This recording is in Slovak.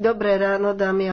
Dobré ráno, dámy a